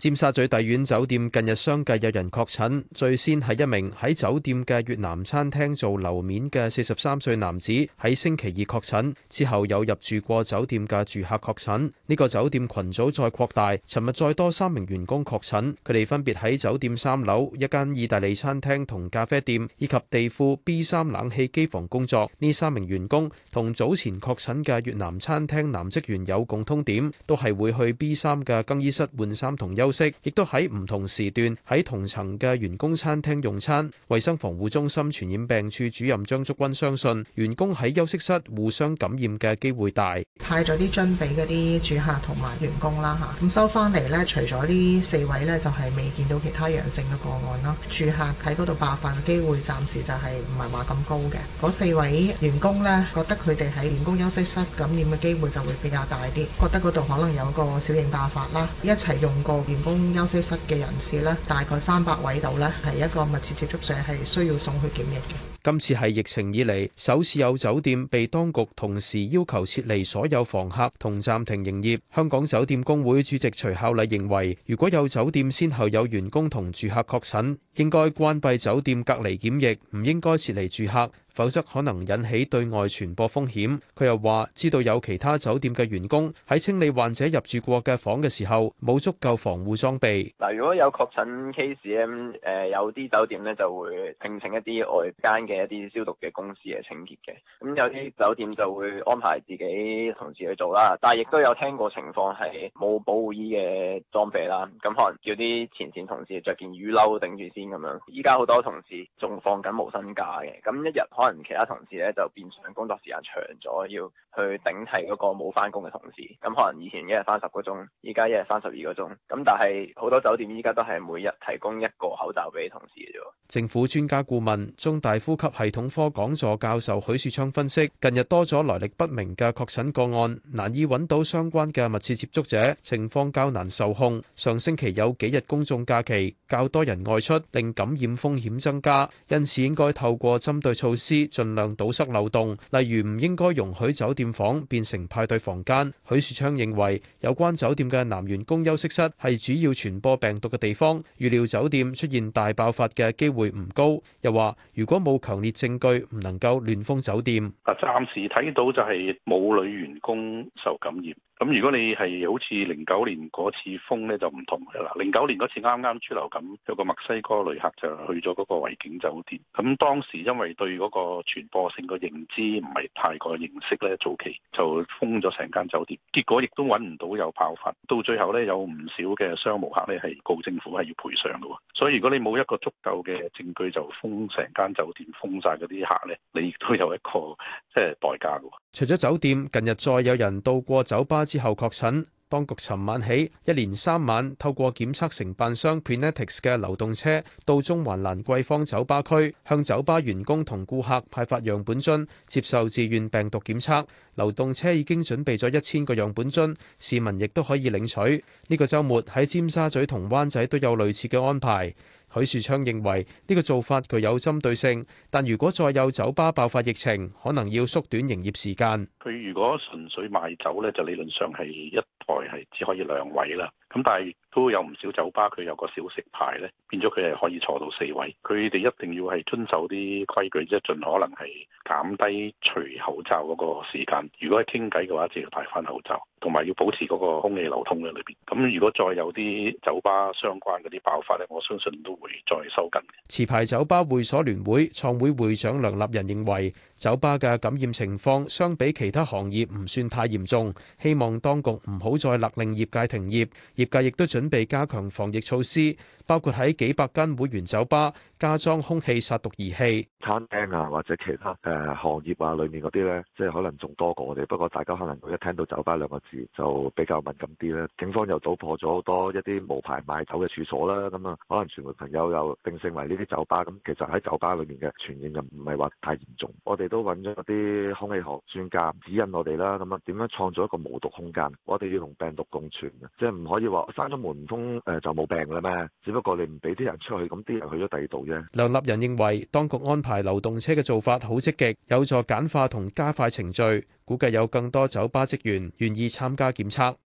尖沙咀帝苑酒店近日相繼有人確診，最先係一名喺酒店嘅越南餐廳做樓面嘅四十三歲男子喺星期二確診，之後有入住過酒店嘅住客確診，呢個酒店群組再擴大，尋日再多三名員工確診，佢哋分別喺酒店三樓一間意大利餐廳同咖啡店以及地庫 B 三冷氣機房工作。呢三名員工同早前確診嘅越南餐廳男職員有共通點，都係會去 B 三嘅更衣室換衫同休，亦都喺唔同時段喺同層嘅員工餐廳用餐。衛生防護中心傳染病處主任張竹君相信，員工喺休息室互相感染嘅機會大。派咗啲樽俾嗰啲住客同埋員工啦，吓，咁收翻嚟咧，除咗呢四位咧，就係未見到其他陽性嘅個案咯。住客喺嗰度爆發嘅機會暫時就係唔係話咁高嘅。嗰四位員工咧，覺得佢哋喺員工休息室感染嘅機會就會比較大啲，覺得嗰度可能有個小型爆發啦，一齊用過。員工休息室嘅人士呢，大概三百位度呢，係一個密切接觸者，係需要送去檢疫嘅。今次係疫情以嚟首次有酒店被當局同時要求撤離所有房客同暫停營業。香港酒店工會主席徐孝禮認為，如果有酒店先後有員工同住客確診，應該關閉酒店隔離檢疫，唔應該撤離住客，否則可能引起對外傳播風險。佢又話：知道有其他酒店嘅員工喺清理患者入住過嘅房嘅時候冇足夠防護裝備。嗱，如果有確診 case 咧，咁誒有啲酒店咧就會聘請一啲外間。嘅一啲消毒嘅公司嘅清潔嘅，咁有啲酒店就會安排自己同事去做啦，但係亦都有聽過情況，係冇保護衣嘅裝備啦，咁可能叫啲前線同事着件雨褸頂住先咁樣。依家好多同事仲放緊無薪假嘅，咁一日可能其他同事咧就變成工作時間長咗，要去頂替嗰個冇翻工嘅同事，咁可能以前一日翻十個鐘，依家一日翻十二個鐘，咁但係好多酒店依家都係每日提供一個口罩俾同事啫。政府專家顧問鍾大夫。及系統科講座教授許樹昌分析，近日多咗來歷不明嘅確診個案，難以揾到相關嘅密切接觸者，情況較難受控。上星期有幾日公眾假期，較多人外出，令感染風險增加，因此應該透過針對措施，盡量堵塞漏洞，例如唔應該容許酒店房變成派對房間。許樹昌認為，有關酒店嘅男員工休息室係主要傳播病毒嘅地方，預料酒店出現大爆發嘅機會唔高。又話，如果冇，強烈證據唔能夠亂封酒店。啊，暫時睇到就係冇女員工受感染。咁如果你係好似零九年嗰次封咧就唔同嘅啦，零九年嗰次啱啱豬流感，有個墨西哥旅客就去咗嗰個維景酒店，咁當時因為對嗰個傳播性嘅認知唔係太過認識咧，早期就封咗成間酒店，結果亦都揾唔到有爆發，到最後咧有唔少嘅商務客咧係告政府係要賠償嘅喎，所以如果你冇一個足夠嘅證據就封成間酒店封晒嗰啲客咧，你亦都有一個即係代價嘅。除咗酒店，近日再有人到過酒吧之後確診。當局尋晚起一連三晚透過檢測承辦商 Prenetics 嘅流動車到中環蘭桂坊酒吧區，向酒吧員工同顧客派發樣本樽，接受自願病毒檢測。流動車已經準備咗一千個樣本樽，市民亦都可以領取。呢、這個週末喺尖沙咀同灣仔都有類似嘅安排。許樹昌認為呢個做法具有針對性，但如果再有酒吧爆發疫情，可能要縮短營業時間。佢如果純粹賣酒咧，就理論上係一台係只可以兩位啦。咁但係亦都有唔少酒吧，佢有個小食牌咧，變咗佢係可以坐到四位。佢哋一定要係遵守啲規矩，即係盡可能係減低除口罩嗰個時間。如果係傾偈嘅話，就要戴翻口罩。同埋要保持嗰個空氣流通嘅裏邊。咁如果再有啲酒吧相關嗰啲爆發咧，我相信都會再收緊嘅。持牌酒吧會所聯會創會會長梁立仁認為，酒吧嘅感染情況相比其他行業唔算太嚴重，希望當局唔好再勒令業界停業，業界亦都準備加強防疫措施，包括喺幾百間會員酒吧加裝空氣殺毒儀器。餐廳啊，或者其他誒行業啊，裏面嗰啲咧，即係可能仲多過我哋。不過大家可能一聽到酒吧兩個字，就比較敏感啲啦，警方又搗破咗好多一啲無牌賣酒嘅處所啦，咁啊，可能傳媒朋友又定性為呢啲酒吧，咁其實喺酒吧裏面嘅傳染就唔係話太嚴重。我哋都揾咗啲空氣學專家指引我哋啦，咁啊點樣創造一個無毒空間，我哋要同病毒共存嘅，即係唔可以話閂咗門通誒就冇病啦咩？只不過你唔俾啲人出去，咁啲人去咗第二度啫。梁立仁認為當局安排流動車嘅做法好積極，有助簡化同加快程序，估計有更多酒吧職員意願意參加檢測。